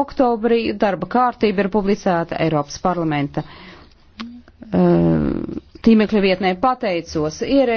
oktobrī darba kārtība ir publicēta Eiropas parlamenta eh, tīmekļa vietnē. Pateicos ierēdzi.